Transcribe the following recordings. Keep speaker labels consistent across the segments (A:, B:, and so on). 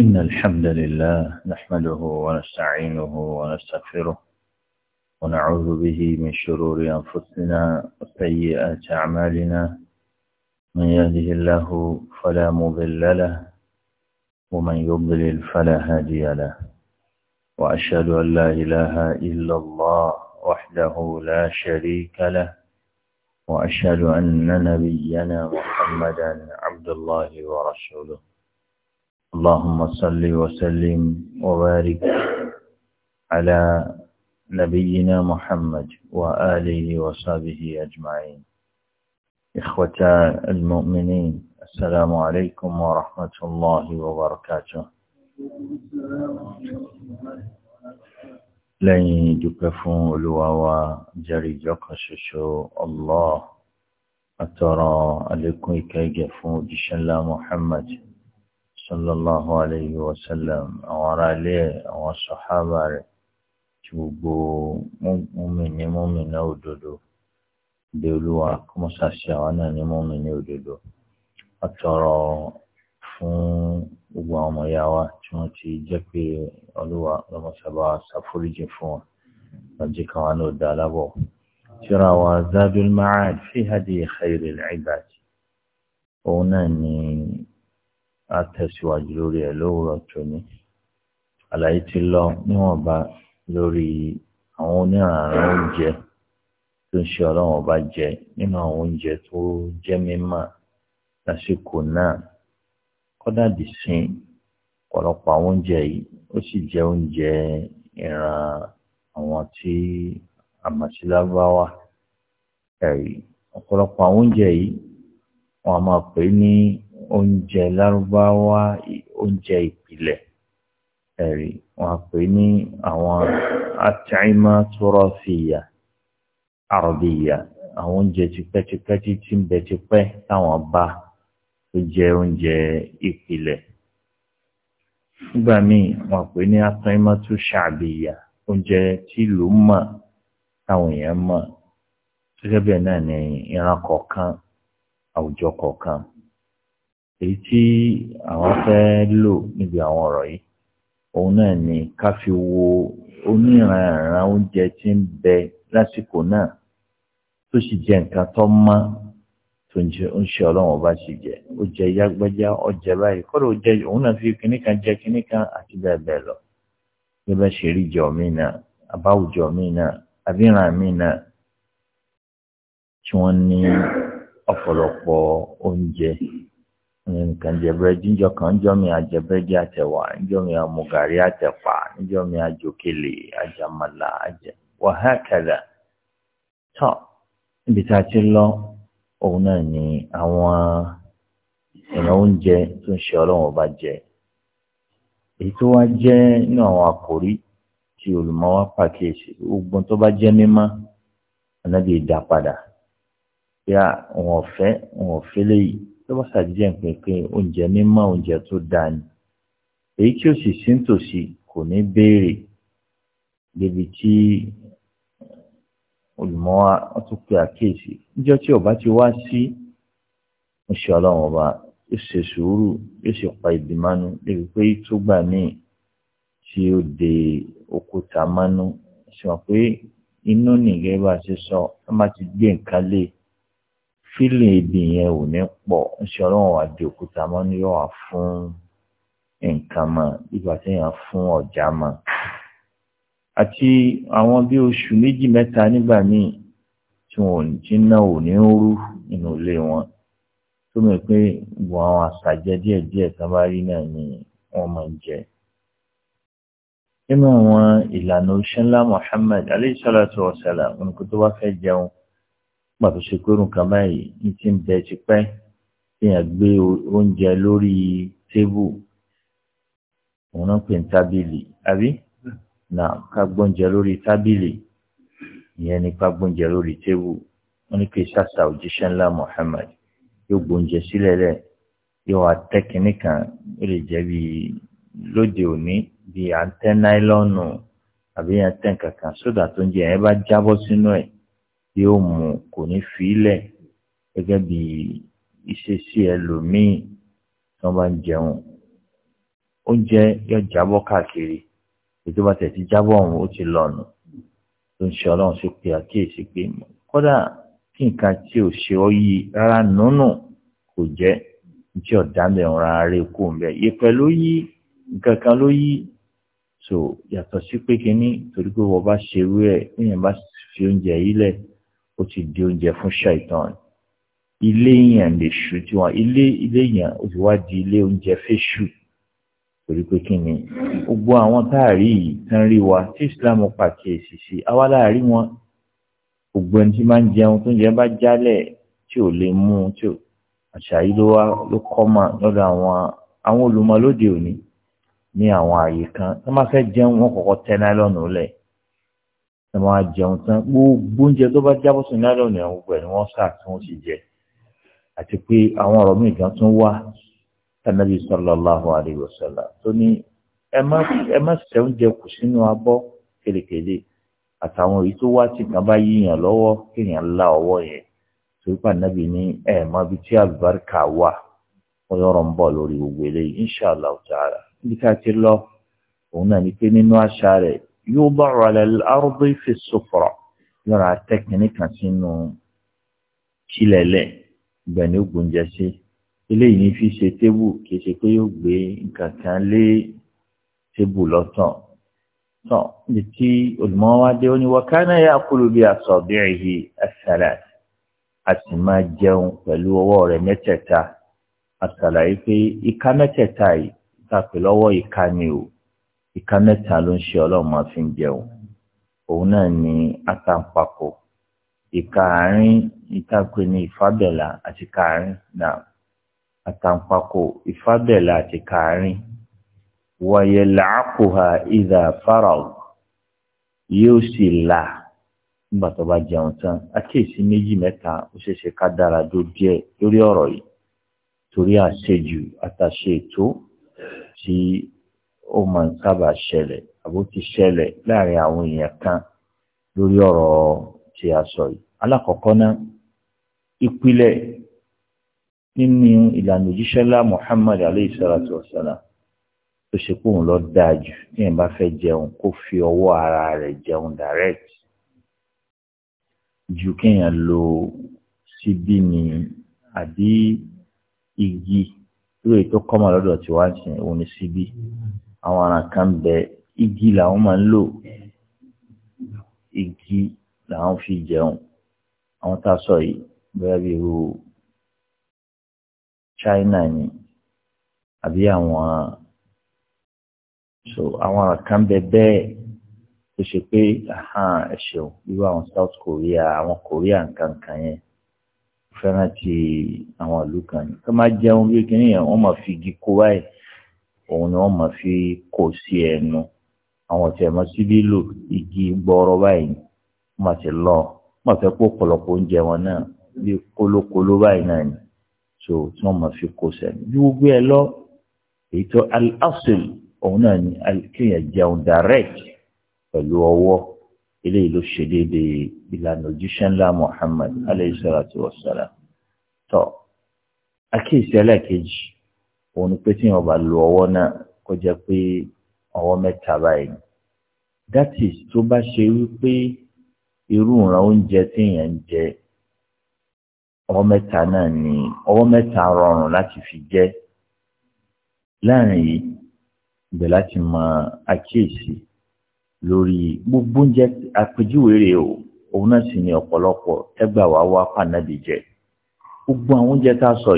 A: إن الحمد لله نحمده ونستعينه ونستغفره ونعوذ به من شرور أنفسنا وسيئات أعمالنا من يهده الله فلا مضل له ومن يضلل فلا هادي له وأشهد أن لا إله إلا الله وحده لا شريك له وأشهد أن نبينا محمدا عبد الله ورسوله اللهم صل وسلم وبارك على نبينا محمد وآله وصحبه أجمعين إخوة المؤمنين السلام عليكم ورحمة الله وبركاته لن يكفون fún olúwa wa jẹ́rìjọ́ kan ṣoṣo allah àtọ̀rọ̀ àlékún ìkẹ́gẹ̀ محمد sallallahu alayhi wa sallam àwọn ará ilé ẹ̀ àwọn sọ̀hábà rẹ̀ tí gbogbo mùmínì mùmínà òdodo ìdè olúwa kọ́mọ́sá sí àwọn náà ní mùmínì òdodo wọ́n tọrọ fún gbogbo àwọn ọmọ ìyá wa tí wọ́n ti jẹ́ pé olúwa lọ́mọsábà ṣàforíjì fún wọn lọ́jọ́ kan wà náà dá lábọ̀ tíra wa zadul ma'ad fi hadi khairil ibad òun náà ni á tẹ̀síwájú lórí ẹ̀ lówùrọ̀ tóní àlàyé ti lọ níwọ̀nba lórí àwọn oníranran oúnjẹ tó ń ṣe ọlọ́run ọba jẹ nínú àwọn oúnjẹ tó jẹ́ mímọ́ lásìkò náà kọ́dà dì sin ọ̀pọ̀lọpọ̀ àwọn oúnjẹ yìí ó sì jẹ́ oúnjẹ ìran àwọn tí àmàṣílábáwá ẹ̀rí ọ̀pọ̀lọpọ̀ àwọn oúnjẹ yìí wọ́n a máa pè é ní oúnjẹ lárúbáwá oúnjẹ ìpìlẹ̀ ẹ̀rí wọn pè ní àwọn àtàìmá tọrọ fìyà àròbìyà àwọn oúnjẹ tipẹ́tipẹ́ títí ń bẹ tipẹ́ táwọn bá tó jẹ oúnjẹ ìpìlẹ̀ nígbà míì wọn pè ní àtàìmá tó ṣàbìyà oúnjẹ tí ìlú mọ̀ táwọn èèyàn mọ̀ gẹ́gẹ́ bẹ́ẹ̀ náà ìran kọ̀ọ̀kan àwùjọ kọ̀ọ̀kan. èyí tí àwọn fẹ́ lò níbi àwọn ọ̀rọ̀ yìí òun náà ni ká fi wo oníranran oúnjẹ tí ń bẹ lásìkò náà tó sì jẹ nǹkan tó mọ́ tó ń jẹ oúnjẹ ọlọ́run ọba sì jẹ ó jẹ yágbẹ́já ọjẹ báyìí fi kinní kan jẹ kinní kan àti lọ bí ṣe rí náà àbáwùjọ náà náà tí wọ́n ní oúnjẹ nǹkan jẹ búrẹ́dì kan níjọ́ mi àjẹ búrẹ́dì àtẹ̀wà níjọ́ mi àmu gàrí àtẹ̀pà níjọ́ mi àjòkèlè àjàmàlà àjẹ wàhákàdà tọ́ ibi tá a ti lọ òun náà ni àwọn èèyàn oúnjẹ tó ń ṣe ọlọ́run ọba jẹ èyí tó wá jẹ́ nínú àwọn àkòrí tí pàkíyèsí tó bá jẹ́ mímọ́ bí tó bá ṣàjẹ́ pé pé oúnjẹ mímọ́ oúnjẹ tó dáa ni èyí tí ó sì sí nítòsí kò ní béèrè débi tí olùmọ́ wa tún pe àkíyèsí níjọ́ tí ọba ti wá sí oṣù ọlọ́run ọba yóò ṣe sùúrù yóò ṣe pa ìdìmánu débi pé tó gbà míì tí ó de òkúta mánú ṣe pé inú nìgẹ́ bá ṣe sọ ẹ má ti gbé nǹkan lé e fílì ibi yẹn ò ní pọ̀ ńṣe ọlọ́run wá di òkúta mọ́ ní yọ̀ wá fún nǹkan mọ́ ìgbà tí yẹn fún ọ̀já mọ́ àti àwọn bí oṣù méjì mẹ́ta nígbà míì tí wọn ò ní tí náà ò ní rú nínú ilé wọn tó mọ̀ pé gbogbo àwọn àṣàjẹ díẹ̀díẹ̀ tán bá rí náà ni wọ́n máa ń jẹ. nínú àwọn ìlànà oṣù ńlá Muhammad aleyhisalatu wasalam nǹkan tó bá fẹ́ jẹun nígbà tó ṣe pé nǹkan báyìí ní ti ń bẹ tipẹ́ téèyàn gbé oúnjẹ lórí tébù òun náà pè ní tábìlì àbí nà ká gbóúnjẹ lórí tábìlì ìyẹn ni ká gbóúnjẹ lórí tébù wọn ní kí sàṣà òjíṣẹ́ ńlá Muhammad yóò gbóúnjẹ sílẹ̀ lẹ̀ yóò wá tẹ́ kinní kan ó lè jẹ́ bíi lóde òní bíi à ń tẹ́ náílọ́ọ̀nù àbí à sódà tó ń jẹ ẹ̀ bá jábọ́ sínú ẹ̀ yóò mú kò ní fílẹ̀ gẹ́gẹ́ bí ìṣesí ẹlòmíì tí wọ́n bá ń jẹun oúnjẹ yóò jábọ́ káàkiri ètò bá tẹ̀ ti jábọ̀ ọ̀hún ó ti lọ́nu tó ń ṣe ọlọ́run sí pé àkíyèsí pé kódà kí nǹkan tí ò ṣe ọ́ yí rárá nùnù kò jẹ́ tí ọ̀dà ń ra ara kó ń bẹ̀ ló yí nǹkan kan ló yí so yàtọ̀ sí pé kínní torí pé wọ́n bá ṣerú ẹ̀ níyẹn bá fi oúnjẹ yìí ó ti di oúnjẹ fún ṣàìtàn ilé yẹn lè ṣù tí wọn ilé ilé yẹn ó ti wá di ilé oúnjẹ fẹṣù torí pé kí ni gbogbo àwọn tá a rí yìí tán rí wa tí islam pàkíyèsí sí àwa láàrí wọn gbogbo ẹni tí máa ń jẹun tó ń jẹ bá jálẹ̀ tí ò lè mú tí ò àṣà yìí ló wá ló kọ́ mà lọ́dọ̀ àwọn àwọn olùmọ̀ òní ní àwọn àyè kan tó máa fẹ́ jẹun wọn kọ́kọ́ tẹ́ náírà lọ́nà ó ẹ máa jẹun tán gbogbo oúnjẹ tó bá jábọ́ sí náírà ọ̀nà ẹ̀wọ̀n pẹ̀ ni wọ́n sà tí wọ́n sì jẹ àti pé àwọn ọ̀rọ̀ míì kan tún wá tànàbí sallallahu alayhi wa sallam tó ní ẹ má ṣe oúnjẹ kù sínú abọ́ kélékèlé àtàwọn èyí tó wá tí kan bá yíyàn lọ́wọ́ kéèyàn la ọwọ́ yẹn torí pàtàkì ní ẹ mọ ibi tí àlùbáríkà wà wọ́n yọ̀rọ̀ ń bọ̀ lórí gbogbo eléyìí yóò ala al-ardi fi sufra yọ̀rọ̀ atẹ́kìnní kan sínú sílẹ̀lẹ̀ gbẹ̀ni ògbóúnjẹ sí eléyìí ní fi ṣe tébù kìí ṣe pé yóò gbé nǹkan kan lé tébù lọ́tàn tán ní tí olùmọ́wádé ó ní wa kana ya'kulu bi asabi'ihi as-salat a sì máa jẹun pẹ̀lú ọwọ́ rẹ̀ mẹ́tẹ̀ẹ̀ta àṣàlàyé pé ìka mẹ́tẹ̀ẹ̀ta yìí tàpé lọ́wọ́ ìka ni o. ìka mẹ́ta ló ń ṣe ọlọ́run máa fi ń jẹun òun náà ni àtàǹpàkò ìka àárín ìtàpé ní ìfábẹ̀là àti kàárín náà àtàǹpàkò ìfábẹ̀là àti kàárín wàyẹ̀ làákùhà ìdà farao yóò sì là nígbà tó bá jẹun tán àkíyèsí méjì mẹ́ta ó ṣeéṣe ká dára dó díẹ̀ lórí ọ̀rọ̀ yìí torí àṣejù àtàṣe ètò tí ó máa ń sábà ṣẹlẹ̀ àbó ti ṣẹlẹ̀ láàrin àwọn èèyàn kan lórí ọ̀rọ̀ tí a sọ yìí. alákọ̀ọ́kọ́ náà ìpìlẹ̀ nínú ìlànà òjíṣẹ́lá Muhammad alayhi salatu wa salam tó ṣe pé òun lọ dáa jù tí èèyàn bá fẹ́ jẹun kó fi ọwọ́ ara rẹ̀ jẹun direct ju kéèyàn lo síbí ni àbí igi lórí tó kọ́mọ lọ́dọ̀ tí wọ́n ń sìn òun ní síbí àwọn ara kan bẹ igi làwọn máa ń lò igi làwọn fi jẹun àwọn tá a sọ yìí bóyá bí irú China ni àbí àwọn so àwọn ara kan bẹ bẹ́ẹ̀ tó ṣe pé ẹ ṣeun irú àwọn South Korea àwọn Korea nǹkan kan yẹn fẹ́ràn ti àwọn ìlú kan ni kí wọ́n máa jẹun bí kíní wọ́n máa fi igi kó báyìí òun ni wọ́n máa fi kó sí ẹnu àwọn ọ̀tí ẹ̀mọ́ síbí lò igi gbọ́ọ́rọ́ báyìí wọ́n máa ti lọ wọ́n máa fẹ́ kó ọ̀pọ̀lọpọ̀ oúnjẹ wọn náà bí kólókóló báyìí náà ni so tí wọ́n máa fi kó sẹ́nu bí gbogbo ẹ lọ èyí tó al òun náà ni kéèyàn jẹun direct pẹ̀lú ọwọ́ eléyìí ló ṣe déédéé ìlànà òjíṣẹ́ ńlá Muhammad alayhi salatu wa salam tọ́ akéèsí ẹlẹ́ẹ̀kejì. òun ni pé tí bá lo ọwọ́ náà kó jẹ́ pé ọwọ́ mẹ́ta báyìí that is tó bá ṣe wípé irú ìran oúnjẹ tí yẹn ń jẹ ọwọ́ mẹ́ta náà ni ọwọ́ mẹ́ta rọrùn láti fi jẹ láàrin yìí ibẹ̀ láti mọ àkíyèsí lórí gbogbo oúnjẹ àpèjúwe rẹ̀ o òun náà sì ni ọ̀pọ̀lọpọ̀ ẹgbàá wa wá jẹ gbogbo àwọn oúnjẹ tá a sọ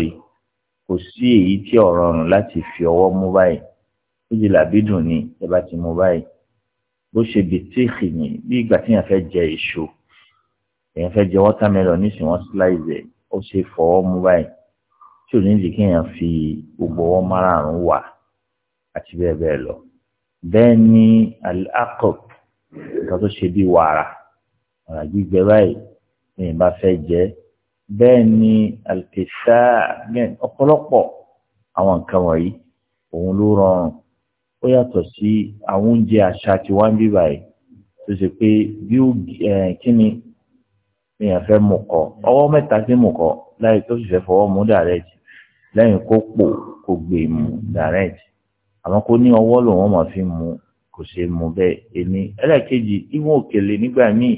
A: kò sí èyí tí ò rọrùn láti fi ọwọ́ mú báyìí méjì làbí dùn ni ẹ bá ti mú báyìí bó ṣe bìtíìkì ni bí ìgbà tí èèyàn fẹ́ jẹ èso èèyàn fẹ́ jẹ watermelon nísìn wọ́n slice ẹ̀ ó ṣe fọwọ́ mú báyìí tí ò ní lè kí èèyàn fi gbogbo ọwọ́ márààrún wà àti bẹ́ẹ̀ bẹ́ẹ̀ lọ bẹ́ẹ̀ ni al-aqab tó ṣe bí wàrà wàrà gbígbẹ báyìí èèyàn bá fẹ́ jẹ bẹ́ẹ̀ ni àlùkìsá ọ̀pọ̀lọpọ̀ àwọn nǹkan wọ̀nyí òun ló rọrùn ó yàtọ̀ sí àwọn oúnjẹ àṣà tí wọ́n ń bí báyìí tó ṣe pé bí kí ni èèyàn fẹ́ mú kọ ọwọ́ mẹ́ta sí mú kọ láì tó sì fẹ́ fọwọ́ mú dàrẹ́jì lẹ́yìn kó pò kó gbé mú dàrẹ́jì àmọ́ kó ní ọwọ́ lòun máa fi mú kò ṣe mú bẹ́ẹ̀ èmi ẹlẹ́ẹ̀kejì ìwọ̀n òkèlè nígbà míì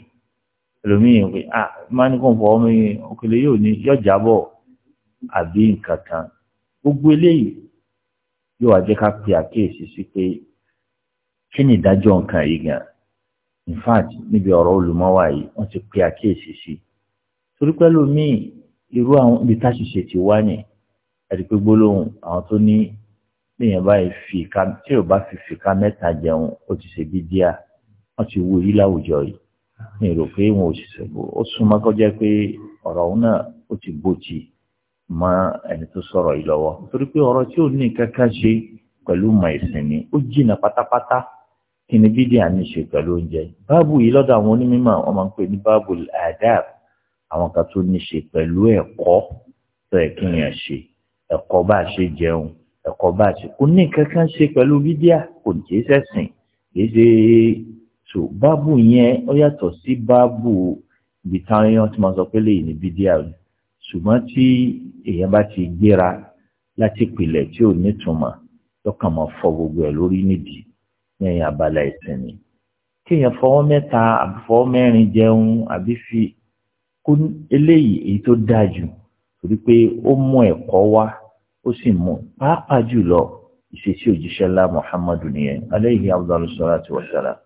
A: ẹlòmíì pé à ah, máa ní kàn fọwọ́ mi òkèlè yóò ní yọjà bọ̀ àbí nǹkan kan gbogbo eléyìí yóò wá jẹ́ ká pe àkíyèsí sí pé kí ni ìdájọ́ nǹkan yìí gan in fact níbi ọ̀rọ̀ olùmọ́wá yìí wọ́n ti pe àkíyèsí sí torí pé ẹlòmíì irú àwọn ibi táṣìṣe ti wá ní ẹ̀rí pé gbólóhùn àwọn tó ní lèèyàn báyìí fi ìka tí ò bá fi fìka mẹ́ta jẹun ó ti ṣe bí díà wọ́n ti wú yí láwùjọ yìí mi rò pé wọn ò ṣiṣẹ́ bò ó súnmọ́ kọjá pé ọ̀rọ̀ òun náà ó ti bòjì mọ́ ẹni tó sọ̀rọ̀ yìí lọ́wọ́ torí pé ọ̀rọ̀ tí ò ní kankan ṣe pẹ̀lú mọ̀ ẹ̀sìn ni ó jìnnà pátápátá kí ni bídíà ní ṣe pẹ̀lú oúnjẹ báàbù yìí lọ́dọ̀ àwọn onímọ̀ wọn máa ń pè ní báàbù adab àwọn kan tó ní ṣe pẹ̀lú ẹ̀kọ́ tó yẹ kí èèyàn ṣe ẹ̀kọ́ bá a ṣe jẹun ẹ̀kọ́ bá a ṣe kò ní kankan ṣe pẹ̀lú bídíà kò ní kì í kì í ṣe so báàbù yẹn ó yàtọ̀ sí báàbù ibi táwọn èèyàn ti máa sọ pé lèyìn ní bídíà rẹ ṣùgbọ́n tí èèyàn bá ti gbéra láti pìlẹ̀ tí ò nítumọ̀ lọ́kàn máa fọ gbogbo ẹ̀ lórí nídìí lẹ́yìn abala ẹ̀sìn ni kéèyàn fọwọ́ mẹ́ta àbí fọwọ́ mẹ́rin jẹun àbí fi kó eléyìí èyí tó dáa jù torí pé ó mú ẹ̀kọ́ wá ó sì mú pàápàá jùlọ ìṣesí òjíṣẹ́ ńlá Muhammadu nìyẹn alayhi abdul salatu wa salam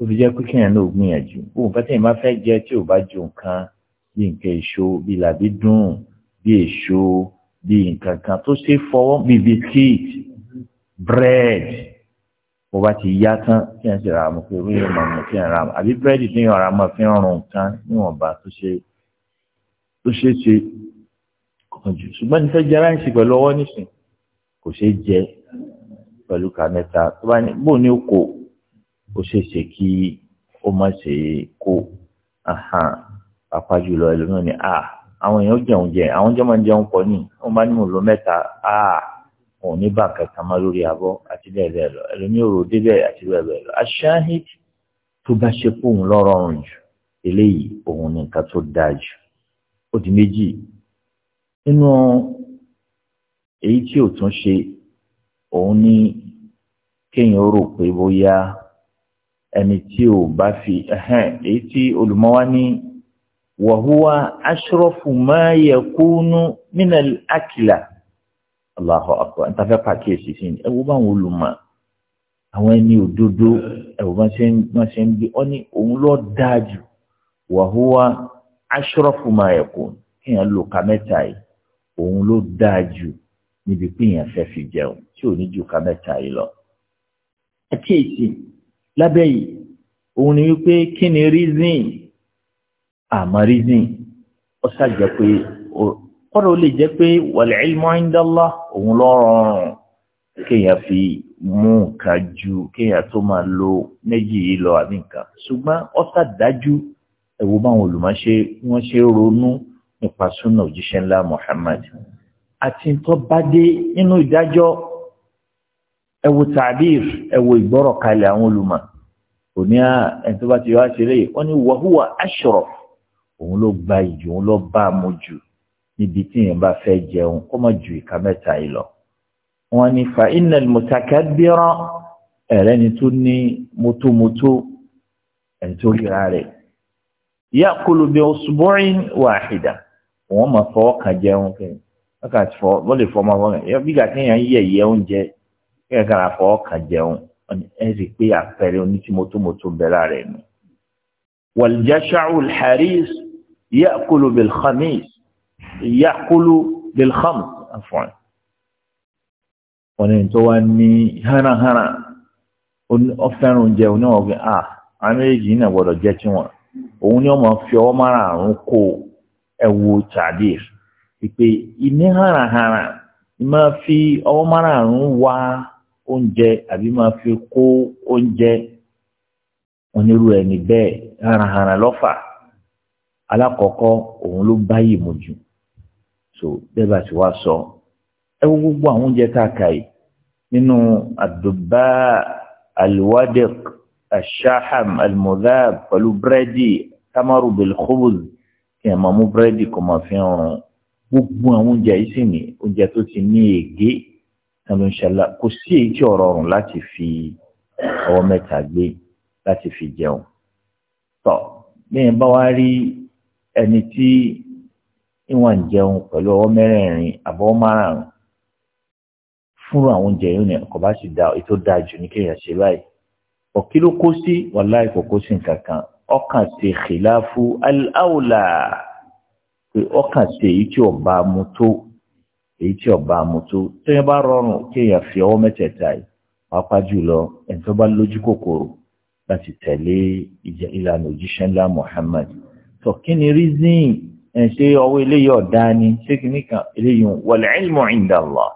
A: ó fi jẹ́ pé kéèyàn náà gbìyànjú òun fẹ́ tẹ̀yìn bá fẹ́ jẹ tí ò bá ju nǹkan bí nǹkan èso bí làbí dùn bí èso bí nǹkan kan tó ṣe fọwọ́ bí biskit bread bó bá ti yá tán kí n sì ra mo pé wíyẹn mọ̀ mo kí n ra àbí búrẹ́dì tí yàn ra mọ̀ fi ń rún nǹkan níwọ̀nba tó ṣe tó ṣe ṣe kàn jù ṣùgbọ́n ní fẹ́ jẹ aláìsí pẹ̀lú ọwọ́ nísìn kò ṣeé jẹ pẹ̀lú kàmẹ́ta tó bá ní bò ní oko ó ṣèṣe kí ó má ṣe kó pàápàá jùlọ ẹlòmíràn ni a ah, àwọn èèyàn jẹun jẹ àwọn jẹ máa ń jẹun pọ̀ ní wọn bá ní mò ń lo mẹ́ta a ah, wọn ò ní bá kankan má lórí abọ́ àti bẹ́ẹ̀ bẹ́ẹ̀ lọ ẹlòmíràn rò débẹ̀ àti bẹ́ẹ̀ bẹ́ẹ̀ lọ aṣáhid tó bá ṣe pé òun jù eléyìí òun ni nǹkan tó dáa jù ó di méjì nínú èyí tí ò tún ṣe òun ní kéèyàn rò pé bóyá ẹni tí ò bá fi ẹ̀hẹ́n èyí tí olùmọ́wá ní wàhúwa aṣọ́rọ́fù máa yẹ kúnú nínú àkìlà Allahu akbar ntafẹ́ pàkíyèsí sí ni ẹ̀wọ́ báwọn olùmọ̀ àwọn ẹni òdodo ẹ̀wọ́ bá ṣe ń bí ọ ní òun lọ dáa jù wàhúwa aṣọ́rọ́fù máa yẹ kúnú kéèyàn lò ká mẹ́ta yìí òun ló dáa jù níbi pé èèyàn fẹ́ fi jẹun tí ò ní ju ká mẹ́ta yìí lọ. ẹ kíyèsí lábẹ́ yìí òun ni wípé kí ni reason àmọ́ reason ó ṣàjẹ́ pé kọ́dọ̀ ó lè jẹ́ pé wal ilmu inda Allah òun ló rọrùn kéèyàn fi mú nǹkan ju kéèyàn tó máa lo méjì yìí lọ àbí nǹkan ṣùgbọ́n ó ṣàdájú ẹ̀wọ́ báwọn olùmọ̀ṣe wọ́n ṣe ronú nípa súnà òjíṣẹ́ ńlá Muhammad àti tó bá dé nínú ìdájọ́ ẹ wo tàbír ẹ wo ìgbọ́rọ̀ kalẹ̀ àwọn olùmọ̀ òní à ẹni tó bá ti wá ṣeré wọn ni wàhùwà aṣọrọ òun ló gba ìjù òun ló bá a mú jù níbi tí yẹn bá fẹ́ jẹun kó má ju ìka mẹ́ta yìí lọ. wọn ní fa iná mùtàkà bírọ ẹ̀rẹ́ ni tó ní mọ́tòmọ́tò ẹni ríra rẹ̀ yá kólóbi ọ̀ṣùbọ́rin wàhídà wọn máa wọ́n máa fọwọ́ kan bí gàtí kí ẹ kára fọwọ́ kàn jẹun ẹ rí i pé àpẹẹrẹ onítìmọ́tòmọ́tò bẹ̀rẹ̀ rẹ̀ nù. wàlìjáṣáù haris yàkúlù bilhamis yàkúlù bilhamis afọ́n. wọn ní tó wá ní hánahánà ọ̀fẹ́ràn oúnjẹ oníwọ̀gbìn a ah, àwọn méjì náà gbọ́dọ̀ jẹ́ tiwọn òun ni wọn máa fi ọwọ́ márààrún kó ẹ̀wù tàdír pípé ìní hánahánà máa fi ọwọ́ márààrún wá oúnjẹ àbí máa fi kó oúnjẹ onírú ẹni bẹ́ẹ̀ haranhara lọ́fà alákọ̀ọ́kọ́ òun ló báyìí mu jù so bẹ́ẹ̀ bá ti wá sọ ẹ wo gbogbo àwọn oúnjẹ tá a kà yìí nínú àdùbá alwadek ashaham almudhab pẹ̀lú búrẹ́dì tamaru belkhubuz kí ẹ̀ máa mú búrẹ́dì kò máa fi hàn gbogbo àwọn oúnjẹ yìí sì ní oúnjẹ tó ti ní ègé tán ló ń ṣàlá kò sí èyí tí ọ̀rọ̀ ọ̀rùn láti fi ọwọ́ mẹ́ta gbé láti fi jẹun tọ́ bẹ́ẹ̀ bá wá rí ẹni tí ìwọ̀n ń jẹun pẹ̀lú ọwọ́ mẹ́rẹ̀ẹ̀rin àbọ̀wọ́ márùn fúnra àwọn oúnjẹ yìí ni ọkọ̀ bá sì da ètò dáa jù ní kéèyàn ṣe báyìí ọ̀kí ló kó sí wàláì kò kó sí nǹkan kan ọkàn ṣe khilafu al-awla pé ọkàn ṣe èyí tí ò bá mu tó èyí tí ọba àmútó téèyàn bá rọrùn kéèyàn fi ọwọ́ mẹ́tẹ̀ẹ̀ta yìí pàápàá jùlọ ẹni tó bá lójú kòkòrò láti tẹ̀lé ìlànà òjíṣẹ́ ńlá Muhammad tó kí ni rizin ẹ̀ ṣe ọwọ́ eléyìí ọ̀dá ni ṣé kí ní kan eléyìí wal ilmu inda Allah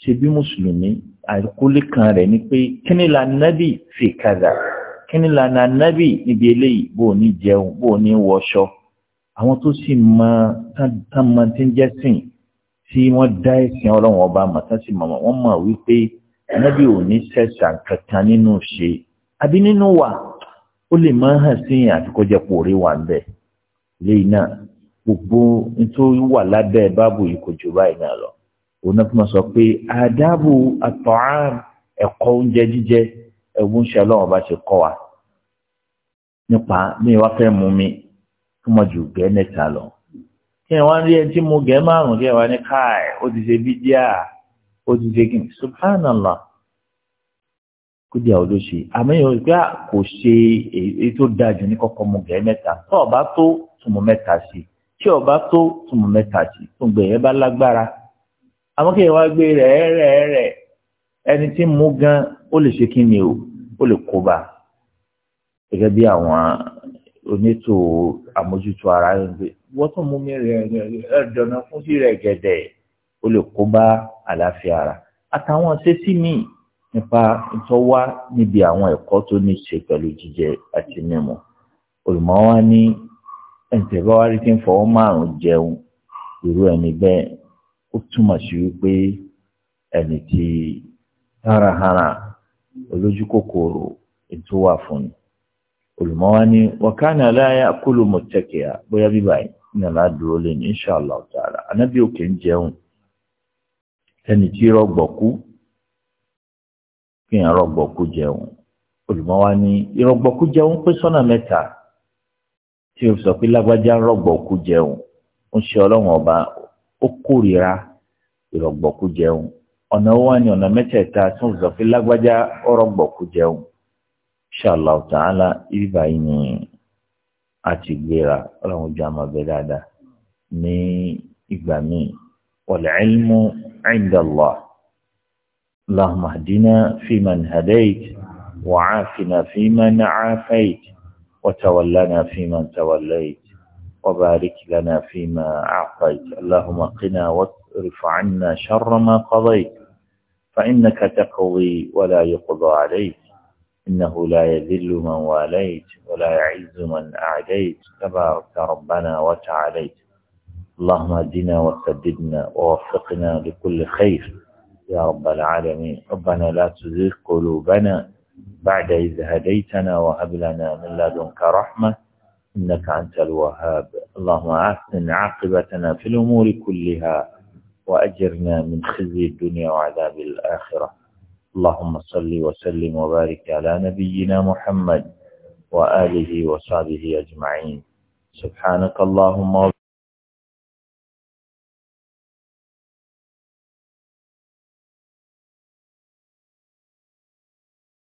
A: ṣe bí mùsùlùmí àkólé kan rẹ̀ ni pé kí ni la nábì fi kàdà kí ni la nábì níbi eléyìí bó ní jẹun bó ní wọṣọ àwọn tó sì máa tán máa ti ń jẹ́ sìn tí wọ́n dá ẹ̀sìn ọlọ́run ọba màtán sí màmá wọ́n mọ̀ wípé anábì ò ní sẹ̀sà kankan nínú ṣe àbí nínú wà ó lè máa hàn sí orí wà ń lẹ́yìn náà gbogbo nítorí wà lábẹ́ Babu yìí kò jù báyìí náà lọ òun náà fi máa sọ pé ẹ̀kọ́ oúnjẹ jíjẹ ṣe ọlọ́run kí ẹ wọ́n rí ẹ tí mo gẹ̀ márùn-ún kí ẹ wá ní káì ó ti ṣe bídíà ó ti ṣe kí ni subhanallah kó di àwọn olóṣè àmọ́yìn òṣèlú ah, kò ṣe èyí tó dáa jù ní kọ́kọ́ mo gẹ̀ mẹ́ta tó ọba tó tùmọ̀ mẹ́ta sí tí ọba tó tùmọ̀ mẹ́ta sí tó gbẹ̀yẹ bá lágbára àmọ́ kí ẹ wá gbé rẹ̀ rẹ̀ rẹ̀ ẹni tí mo gan ó lè ṣe kí ni o ó lè kó bá bí àwọn onítò àmójútó ara rẹ̀ ń gbé wọ́n tó mú mi rẹ̀ ẹ̀dọ̀nà fún rírẹ̀ gẹ̀dẹ̀ ó lè kó bá àlàáfíà ara àtàwọn ṣẹ́sí míì nípa ìtọ́wá níbi àwọn ẹ̀kọ́ tó ní ṣe pẹ̀lú jíjẹ àti mímu olùmọ̀ wa ní ẹ̀ǹtẹ̀báwárí tí ń fọwọ́ márùn-ún jẹun irú ẹni bẹ́ẹ̀ ó túmọ̀ sí wípé ẹni tí hárahára olójú ètò wà fún ni. olùmọ́ wa ní wakana aláya kúlù mọ̀tẹ́kẹ̀yà bóyá bíbá yìí nàlá dúró lé ní inṣàlá ọ̀tàrà òkè ń jẹun ẹni tí rọgbọ̀kú fi rọgbọ̀kú jẹun olùmọ́ wa ìrọgbọ̀kú jẹun pé sọ́nà mẹ́ta tí o sọ pé ọba ó ìrọgbọ̀kú jẹun ọ̀nà ni ọ̀nà mẹ́tẹ̀ẹ̀ta tí o sọ pé lágbájá inshallah ta'ala ibi báyìí ni a ti gbéra ọlọ́run ojú àmọ́ bẹ dáadáa ní ìgbà míì wal ilmu inda Allah allahumma hdina fiman hadayt wa aafina fiman aafayt wa tawallana fiman tawallayt wa barik lana fima a'tayt allahumma qina wasrif 'anna sharra ma qadayt fa innaka إنه لا يذل من واليت ولا يعز من أعديت تبارك ربنا وتعاليت اللهم اهدنا وسددنا ووفقنا لكل خير يا رب العالمين ربنا لا تزغ قلوبنا بعد إذ هديتنا وهب لنا من لدنك رحمة إنك أنت الوهاب اللهم أحسن عاقبتنا في الأمور كلها وأجرنا من خزي الدنيا وعذاب الآخرة اللهم صل وسلم وبارك على نبينا محمد وآله وصحبه أجمعين سبحانك اللهم